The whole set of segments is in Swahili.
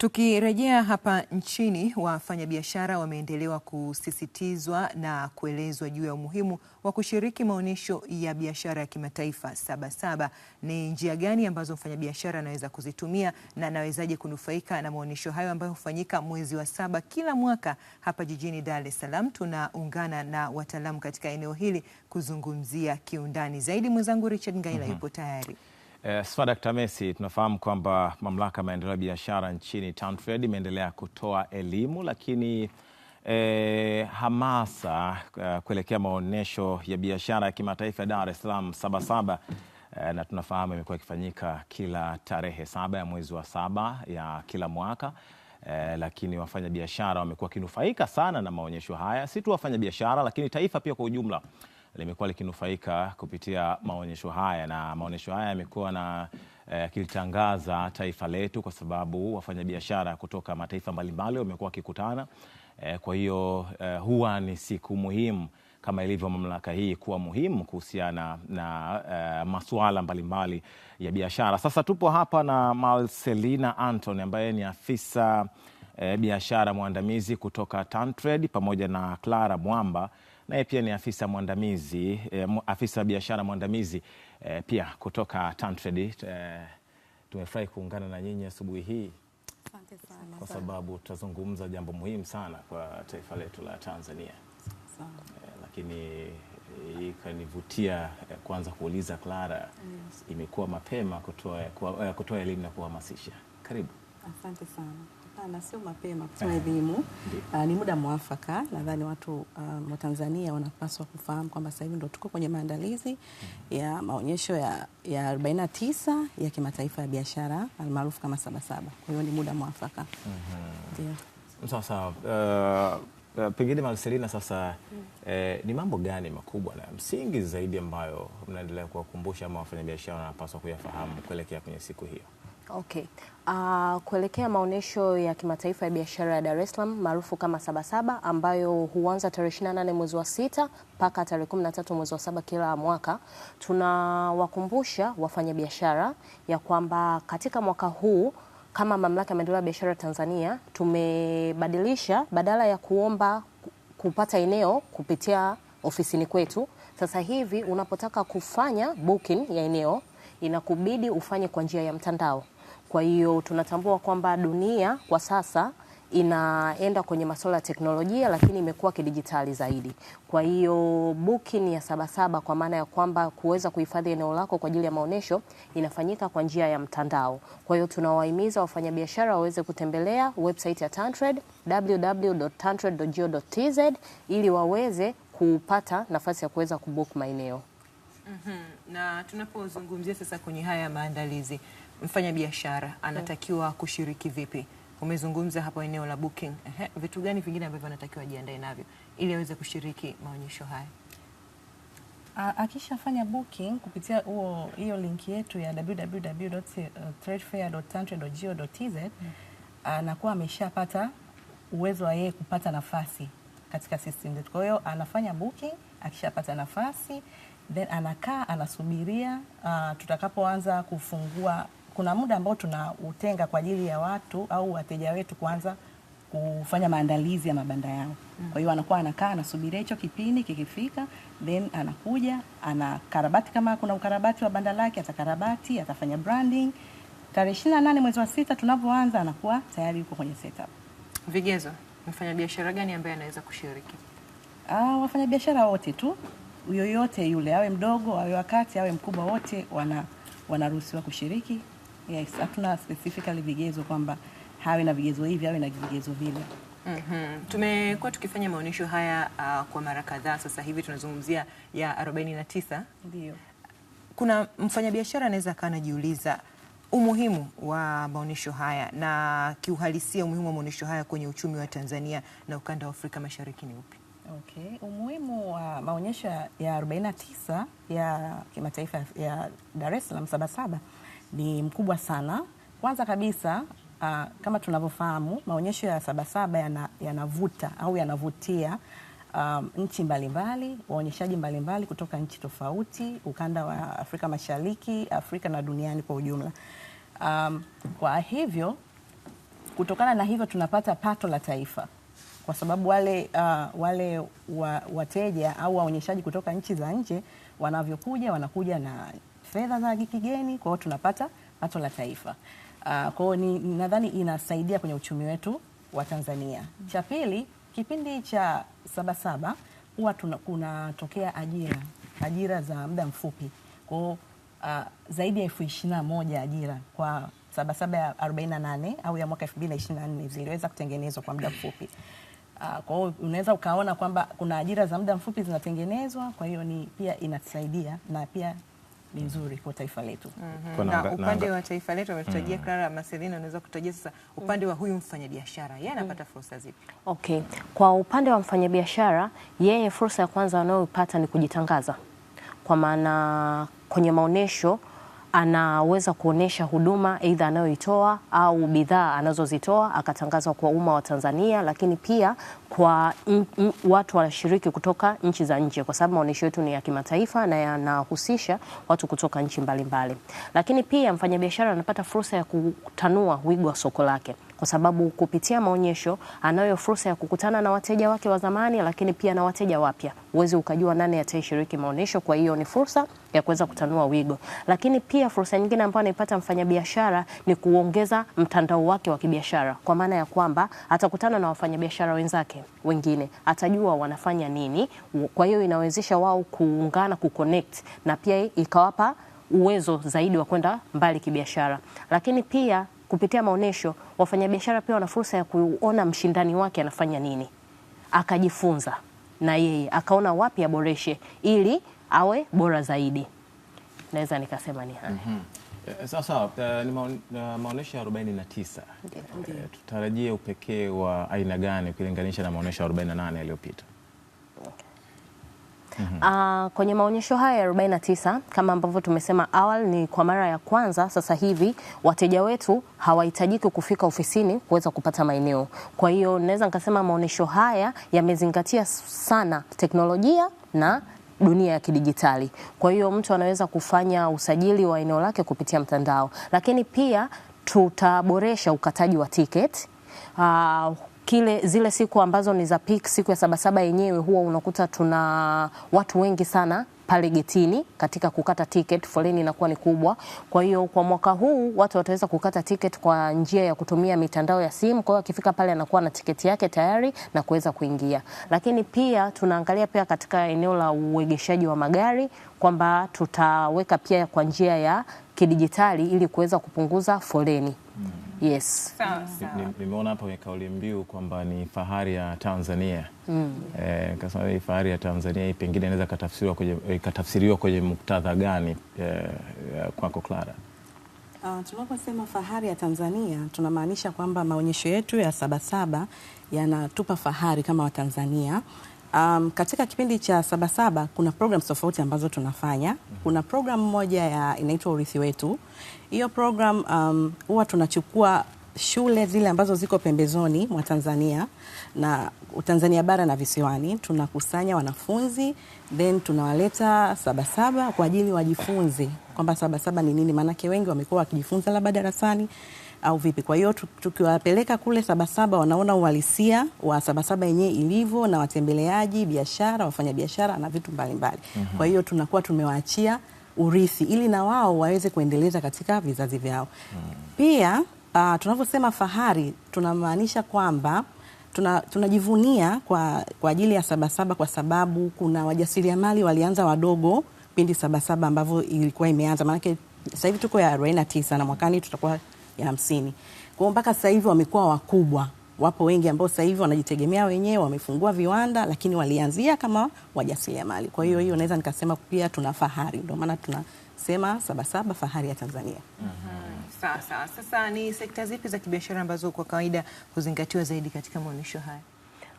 Tukirejea hapa nchini, wafanyabiashara wameendelewa kusisitizwa na kuelezwa juu ya umuhimu wa kushiriki maonyesho ya biashara ya kimataifa sabasaba. Ni njia gani ambazo mfanyabiashara anaweza kuzitumia na anawezaje kunufaika na maonyesho hayo ambayo hufanyika mwezi wa saba kila mwaka hapa jijini Dar es Salaam? Tunaungana na wataalamu katika eneo hili kuzungumzia kiundani zaidi. Mwenzangu Richard Ngaila mhm. yupo tayari. Eh, Sfadak Messi, tunafahamu kwamba mamlaka ya maendeleo ya biashara nchini TanTrade imeendelea kutoa elimu lakini eh, hamasa eh, kuelekea maonyesho ya biashara ya kimataifa ya Dar es Salaam Sabasaba eh, na tunafahamu imekuwa ikifanyika kila tarehe saba ya mwezi wa saba ya kila mwaka. Eh, lakini wafanyabiashara wamekuwa wakinufaika sana na maonyesho haya, si tu wafanyabiashara, lakini taifa pia kwa ujumla limekuwa likinufaika kupitia maonyesho haya, na maonyesho haya yamekuwa na yakilitangaza eh, taifa letu, kwa sababu wafanyabiashara kutoka mataifa mbalimbali wamekuwa wakikutana. Eh, kwa hiyo eh, huwa ni siku muhimu kama ilivyo mamlaka hii kuwa muhimu kuhusiana na, na uh, eh, masuala mbalimbali ya biashara. Sasa tupo hapa na Marcelina Anton ambaye ni afisa uh, biashara mwandamizi kutoka Tantrade pamoja na Clara Mwamba naye pia ni afisa mwandamizi eh, afisa biashara mwandamizi eh, pia kutoka Tantrade eh, tumefurahi kuungana na nyinyi asubuhi hii kwa sababu tutazungumza jambo muhimu sana kwa taifa letu la Tanzania eh, lakini eh, ikanivutia eh, kwanza kuuliza Clara, imekuwa mapema eh, kutoa elimu na kuhamasisha. Karibu. Asante sana. Hapana, sio mapema kutoa eh. elimu. Uh, ni muda mwafaka. Nadhani watu um, wa Tanzania wanapaswa kufahamu kwamba sasa hivi ndo tuko kwenye maandalizi mm. ya maonyesho ya, ya 49 ya kimataifa ya biashara almaarufu kama Sabasaba. Kwa hiyo ni muda mwafaka. Mm-hmm. Ndio. Sawa sawa. Ah, pengine Marcelina, sasa mm. eh, ni mambo gani makubwa na msingi zaidi ambayo mnaendelea kuwakumbusha ama wafanyabiashara wanapaswa kuyafahamu kuelekea kwenye siku hiyo? Okay. Uh, kuelekea maonyesho ya kimataifa ya biashara ya Dar es Salaam maarufu kama Sabasaba ambayo huanza tarehe 28 mwezi wa sita mpaka tarehe 13 mwezi wa saba kila mwaka, tunawakumbusha wafanyabiashara ya kwamba katika mwaka huu kama Mamlaka ya Maendeleo ya Biashara Tanzania tumebadilisha, badala ya kuomba kupata eneo kupitia ofisini kwetu, sasa hivi unapotaka kufanya booking ya eneo inakubidi ufanye kwa njia ya mtandao. Kwa hiyo tunatambua kwamba dunia kwa sasa inaenda kwenye masuala ya teknolojia lakini imekuwa kidijitali zaidi. Kwa hiyo booking ya Sabasaba kwa maana ya kwamba kuweza kuhifadhi eneo lako kwa ajili ya maonyesho inafanyika kwa njia ya mtandao. Kwa hiyo tunawahimiza wafanyabiashara waweze kutembelea website ya Tantrade www.tantrade.go.tz ili waweze kupata nafasi ya kuweza kubook maeneo. Mm -hmm. Na tunapozungumzia sasa kwenye haya maandalizi mfanyabiashara anatakiwa kushiriki vipi? Umezungumza hapo eneo la booking. Ehe, vitu gani vingine ambavyo anatakiwa ajiandae navyo ili aweze kushiriki maonyesho haya? Akishafanya booking kupitia huo hiyo linki yetu ya www.tradefair.tantre.go.tz mm. anakuwa ameshapata uwezo wa yeye kupata nafasi katika system zetu. Kwa hiyo anafanya booking, akishapata nafasi then anakaa anasubiria uh, tutakapoanza kufungua kuna muda ambao tunautenga kwa ajili ya watu au wateja wetu kuanza kufanya maandalizi ya mabanda yao. Kwa hiyo anakuwa anakaa anasubiria hicho kipindi kikifika, then anakuja anakarabati, kama kuna ukarabati wa banda lake atakarabati, atafanya branding. Tarehe ishirini nane mwezi wa sita tunapoanza anakuwa tayari yuko kwenye setup. Vigezo, mfanyabiashara gani ambaye anaweza kushiriki? Ah, wafanyabiashara wote tu, yoyote yule, awe mdogo, awe wakati, awe mkubwa, wote wana wanaruhusiwa kushiriki Yes, hatuna specifically vigezo kwamba hawe na vigezo hivi hawe na vigezo vile. Mm -hmm. Tumekuwa tukifanya maonyesho haya uh, kwa mara kadhaa sasa hivi tunazungumzia ya 49. Ndio. Kuna mfanyabiashara anaweza akawa anajiuliza umuhimu wa maonyesho haya na kiuhalisia umuhimu wa maonyesho haya kwenye uchumi wa Tanzania na ukanda wa Afrika Mashariki ni upi? Okay. Umuhimu wa maonyesho ya 49 ya kimataifa ya Dar es Salaam Sabasaba ni mkubwa sana. Kwanza kabisa uh, kama tunavyofahamu maonyesho ya Sabasaba yana, yanavuta au yanavutia um, nchi mbalimbali waonyeshaji mbalimbali kutoka nchi tofauti, ukanda wa Afrika Mashariki, Afrika na duniani kwa ujumla. Um, kwa hivyo kutokana na hivyo tunapata pato la taifa kwa sababu wale, uh, wale wa, wateja au waonyeshaji kutoka nchi za nje wanavyokuja wanakuja na fedha za kigeni, kwa hiyo tunapata pato la taifa. Uh, kwa hiyo ni nadhani inasaidia kwenye uchumi wetu wa Tanzania. Mm. Cha pili, kipindi cha Sabasaba huwa kunatokea ajira ajira za muda mfupi kwa uh, zaidi ya elfu ishirini na moja ajira kwa Sabasaba ya 48 au ya mwaka 2024 ziliweza kutengenezwa kwa muda mfupi. Uh, kwa hiyo unaweza ukaona kwamba kuna ajira za muda mfupi zinatengenezwa, kwa hiyo ni pia inatusaidia na pia ni nzuri kwa taifa letu. mm -hmm. na, upande wa taifa letu ametutajia mm. Clara Marcelina, anaweza kutajia sasa upande wa huyu mfanyabiashara yeye mm. anapata mm. fursa zipi? Okay, kwa upande wa mfanyabiashara yeye fursa ya kwanza anayoipata ni kujitangaza, kwa maana kwenye maonesho anaweza kuonesha huduma aidha anayoitoa au bidhaa anazozitoa akatangazwa kwa umma wa Tanzania, lakini pia kwa in, in, watu wanashiriki kutoka nchi za nje, kwa sababu maonesho yetu ni ya kimataifa na yanahusisha watu kutoka nchi mbalimbali mbali. Lakini pia mfanyabiashara anapata fursa ya kutanua wigo wa soko lake kwa sababu kupitia maonyesho anayo fursa ya kukutana na wateja wake wa zamani, lakini pia na wateja wapya. Uwezi ukajua nani atayeshiriki maonyesho, kwa hiyo ni fursa ya kuweza kutanua wigo. Lakini pia fursa nyingine ambayo anaipata mfanyabiashara ni kuongeza mtandao wake wa kibiashara, kwa maana ya kwamba atakutana na wafanyabiashara wenzake wengine, atajua wanafanya nini. Kwa hiyo inawezesha wao kuungana, kuconnect na pia ikawapa uwezo zaidi wa kwenda mbali kibiashara, lakini pia kupitia maonyesho, wafanyabiashara pia wana fursa ya kuona mshindani wake anafanya nini, akajifunza na yeye akaona wapi aboreshe ili awe bora zaidi. Naweza nikasema ni haya. mm -hmm. Eh, eh, sawa sawa. Eh, ni maonyesho ya 49 tutarajie upekee wa aina gani ukilinganisha na maonyesho ya 48 yaliyopita? okay mm -hmm. Uh, kwenye maonyesho haya ya 49 kama ambavyo tumesema awali, ni kwa mara ya kwanza sasa hivi wateja wetu hawahitajiki kufika ofisini kuweza kupata maeneo. Kwa hiyo naweza nikasema maonyesho haya yamezingatia sana teknolojia na dunia ya kidijitali. Kwa hiyo mtu anaweza kufanya usajili wa eneo lake kupitia mtandao, lakini pia tutaboresha ukataji wa tiketi. Uh, ah, kile zile siku ambazo ni za peak, siku ya Sabasaba yenyewe huwa unakuta tuna watu wengi sana pale getini katika kukata ticket, foleni inakuwa ni kubwa. Kwa hiyo kwa mwaka huu watu wataweza kukata ticket kwa njia ya kutumia mitandao ya simu. Kwa hiyo akifika pale anakuwa na tiketi yake tayari na kuweza kuingia, lakini pia tunaangalia pia katika eneo la uegeshaji wa magari kwamba tutaweka pia kwa njia ya kidijitali ili kuweza kupunguza foleni. Yes. Sawa sawa. Nimeona hapa kwenye kauli mbiu kwamba ni fahari ya Tanzania. Mm. Eh, fahari ya Tanzania hii pengine inaweza katafsiriwa kwenye katafsiriwa kwenye muktadha gani eh, kwako Clara? Uh, tunaposema fahari ya Tanzania tunamaanisha kwamba maonyesho yetu ya Sabasaba yanatupa fahari kama Watanzania. Um, katika kipindi cha Sabasaba kuna programs tofauti ambazo tunafanya. Kuna program moja ya inaitwa Urithi Wetu. Hiyo program um, huwa tunachukua shule zile ambazo ziko pembezoni mwa Tanzania na Tanzania bara na visiwani, tunakusanya wanafunzi then tunawaleta Sabasaba kwa ajili wajifunze kwamba Sabasaba ni nini, maanake wengi wamekuwa wakijifunza labda darasani au vipi? Kwa hiyo tukiwapeleka kule Sabasaba wanaona uhalisia wa Sabasaba yenyewe ilivyo, na watembeleaji, biashara, wafanyabiashara na vitu mbalimbali mbali. Mhm. Kwa hiyo tunakuwa tumewaachia urithi ili na wao waweze kuendeleza katika vizazi vyao. Mhm. Pia uh, tunavyosema fahari tunamaanisha kwamba tuna, tunajivunia kwa, kwa ajili ya Sabasaba kwa sababu kuna wajasiriamali walianza wadogo pindi Sabasaba ambavyo ilikuwa imeanza, maanake sasa hivi tuko ya arobaini na tisa na mwakani tutakuwa ya hamsini. Kwa hiyo mpaka sasa hivi wamekuwa wakubwa, wapo wengi ambao sasa hivi wanajitegemea wenyewe, wamefungua viwanda, lakini walianzia kama wajasiriamali. Kwa hiyo hiyo naweza nikasema pia tuna fahari, ndio maana tunasema Sabasaba fahari ya Tanzania. Mm-hmm. Sawa sawa. Sasa ni sekta zipi za kibiashara ambazo kwa kawaida huzingatiwa zaidi katika maonyesho haya?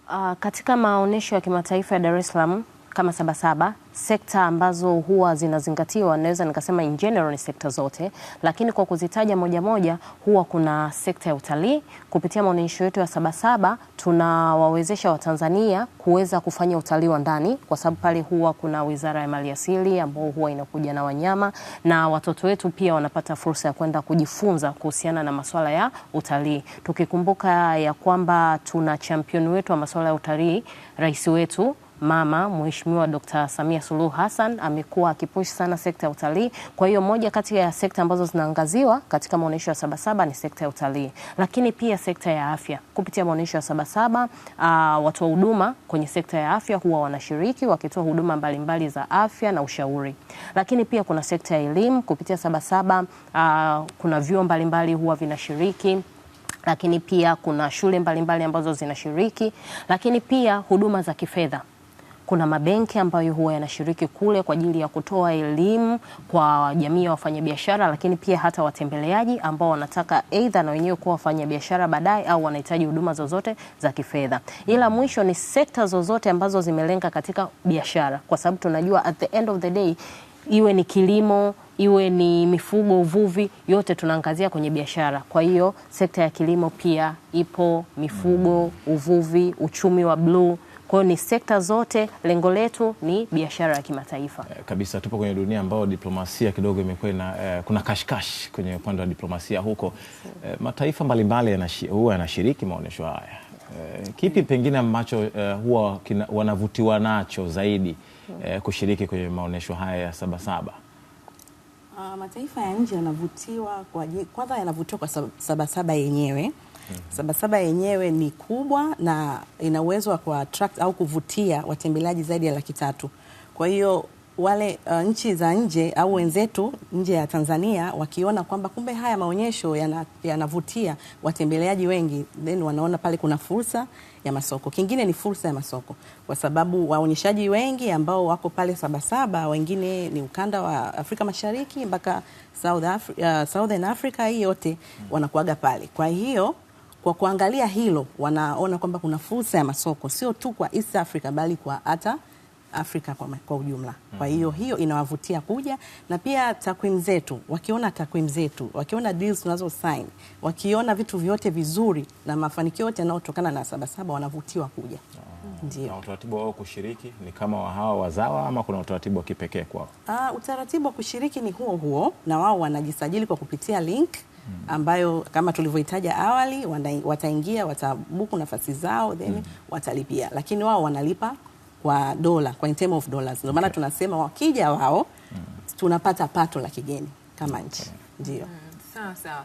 Uh, katika maonyesho ya kimataifa ya Dar es Salaam kama Sabasaba, sekta ambazo huwa zinazingatiwa naweza nikasema in general ni sekta zote, lakini kwa kuzitaja moja moja, huwa kuna sekta ya utalii. Kupitia maonyesho yetu ya Sabasaba tunawawezesha Watanzania kuweza kufanya utalii wa ndani, kwa sababu pale huwa kuna Wizara ya Maliasili ambao huwa inakuja na wanyama, na watoto wetu pia wanapata fursa ya kwenda kujifunza kuhusiana na masuala ya utalii, tukikumbuka ya kwamba tuna champion wetu wa masuala ya utalii, rais wetu mama Mheshimiwa Dr. Samia Suluhu Hassan amekuwa akipush sana sekta ya utalii. Kwa hiyo moja kati ya sekta ambazo zinaangaziwa katika maonyesho ya Sabasaba ni sekta ya utalii, lakini pia sekta ya afya kupitia maonyesho ya Sabasaba. Uh, watoa huduma kwenye sekta ya afya huwa wanashiriki wakitoa huduma mbalimbali za afya na ushauri, lakini pia kuna sekta ya elimu kupitia Sabasaba. Uh, kuna vyuo mbalimbali huwa vinashiriki lakini pia kuna shule mbalimbali mbali ambazo zinashiriki, lakini pia huduma za kifedha kuna mabenki ambayo huwa yanashiriki kule kwa ajili ya kutoa elimu kwa jamii ya wafanyabiashara, lakini pia hata watembeleaji ambao wanataka aidha na wenyewe kuwa wafanyabiashara baadaye au wanahitaji huduma zozote za kifedha. Ila mwisho ni sekta zozote ambazo zimelenga katika biashara, kwa sababu tunajua at the end of the day iwe ni kilimo iwe ni mifugo, uvuvi, yote tunaangazia kwenye biashara. Kwa hiyo sekta ya kilimo pia ipo, mifugo, uvuvi, uchumi wa bluu. Kwa hiyo ni sekta zote, lengo letu ni biashara ya kimataifa eh, kabisa. Tupo kwenye dunia ambayo diplomasia kidogo imekuwa na eh, kuna kashkash kwenye upande wa diplomasia huko. Eh, mataifa mbalimbali huwa yanashiriki maonyesho haya eh, kipi pengine ambacho eh, huwa kina, wanavutiwa nacho zaidi eh, kushiriki kwenye maonyesho haya ya Sabasaba? Ah, mataifa ya nje yanavutiwa kwanza, yanavutiwa kwa Sabasaba yenyewe Sabasaba yenyewe ni kubwa na ina uwezo wa kuattract au kuvutia watembeleaji zaidi ya laki tatu. Kwa hiyo wale uh, nchi za nje au wenzetu nje ya Tanzania wakiona kwamba kumbe haya maonyesho yanavutia yana watembeleaji wengi, then wanaona pale kuna fursa ya masoko. Kingine ni fursa ya masoko, kwa sababu waonyeshaji wengi ambao wako pale Sabasaba, wengine ni ukanda wa Afrika Mashariki mpaka South Afri uh, Southern Africa, hii yote wanakuaga pale, kwa hiyo kwa kuangalia hilo, wanaona kwamba kuna fursa ya masoko sio tu kwa East Africa bali kwa hata Afrika kwa, kwa ujumla. Kwa hiyo mm-hmm. hiyo inawavutia kuja, na pia takwimu zetu, wakiona takwimu zetu, wakiona deals tunazo sign, wakiona vitu vyote vizuri na mafanikio yote yanayotokana na Sabasaba wanavutiwa kuja. Ah, Ndio. Na utaratibu wao kushiriki ni kama wa hawa wazawa ama kuna utaratibu wa kipekee kwao? Ah, utaratibu wa kushiriki ni huo huo, na wao wanajisajili kwa kupitia link Mm. ambayo kama tulivyoitaja awali wataingia watabuku nafasi zao then mm. watalipia, lakini wao wanalipa kwa dola, kwa in term of dollars. Ndio maana okay. tunasema wakija wao mm. tunapata pato la kigeni kama nchi okay. Ndio mm. sawa sawa.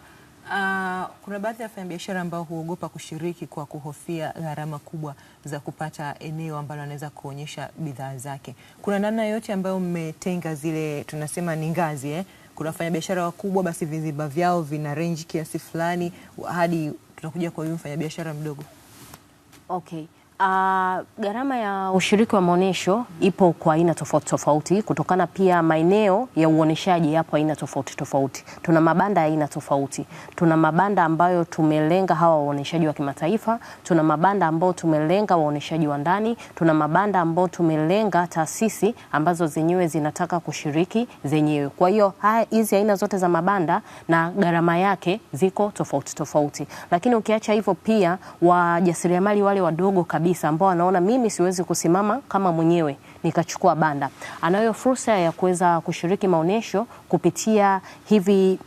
Uh, kuna baadhi ya wafanyabiashara ambao huogopa kushiriki kwa kuhofia gharama kubwa za kupata eneo ambalo anaweza kuonyesha bidhaa zake. Kuna namna yote ambayo mmetenga zile tunasema ni ngazi eh? kuna wafanyabiashara wakubwa, basi viziba vyao vina range kiasi fulani hadi tutakuja kwa huyu mfanyabiashara mdogo. Okay. Uh, gharama ya ushiriki wa maonyesho ipo kwa aina tofauti tofauti, kutokana pia maeneo ya uoneshaji yapo aina tofauti tofauti. Tuna mabanda ya aina tofauti, tuna mabanda ambayo tumelenga hawa waoneshaji wa kimataifa, tuna mabanda ambayo tumelenga waoneshaji wa ndani, tuna mabanda ambayo tumelenga taasisi ambazo zenyewe zinataka kushiriki zenyewe. Kwa hiyo hizi aina zote za mabanda na gharama yake ziko tofauti tofauti, lakini ukiacha hivyo pia wajasiriamali wale wadogo kabisa kabisa ambao anaona mimi siwezi kusimama kama mwenyewe nikachukua banda, anayo fursa ya kuweza kushiriki maonyesho kupitia hivi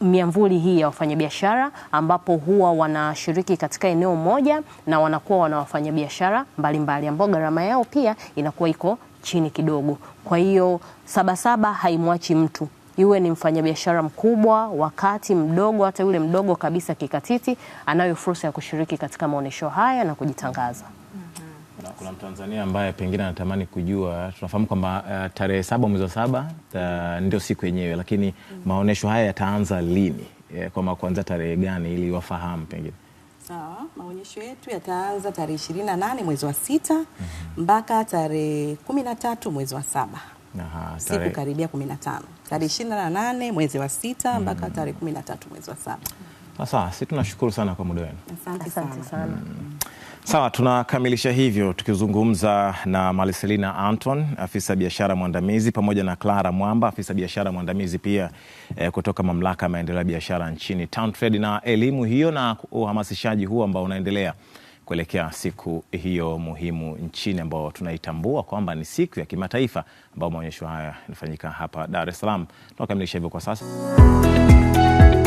miamvuli hii ya wafanyabiashara, ambapo huwa wanashiriki katika eneo moja na wanakuwa wana wafanyabiashara mbalimbali ambao gharama yao pia inakuwa iko chini kidogo. Kwa hiyo Sabasaba haimwachi mtu iwe ni mfanyabiashara mkubwa, wakati mdogo, hata yule mdogo kabisa kikatiti, anayo fursa ya kushiriki katika maonesho haya na kujitangaza. Mm-hmm. Na kuna Mtanzania ambaye pengine anatamani kujua, tunafahamu kwamba uh, tarehe saba mwezi wa saba uh, ndio siku yenyewe, lakini mm -hmm. maonesho haya yataanza lini, yeah, kwamba kuanzia tarehe gani ili wafahamu pengine? Sawa, maonyesho yetu yataanza tarehe nane mwezi wa sita mm-hmm. mpaka mm -hmm. tarehe tatu mwezi wa saba siku karibia 15 tarehe nane mwezi wa sita mm. mpaka tarehe tatu mwezi wa saba. Sasa si tunashukuru sana kwa muda wenu. Asante sana. sana. Mm. Sawa, tunakamilisha hivyo tukizungumza na Marcelina Anton, afisa biashara mwandamizi, pamoja na Clara Mwamba, afisa biashara mwandamizi pia eh, kutoka Mamlaka ya Maendeleo ya Biashara nchini Tantrade, na elimu hiyo na uhamasishaji huo ambao unaendelea kuelekea siku hiyo muhimu nchini ambao tunaitambua kwamba ni siku ya kimataifa ambao maonyesho haya yanafanyika hapa Dar es Salaam. Tunakamilisha hivyo kwa sasa.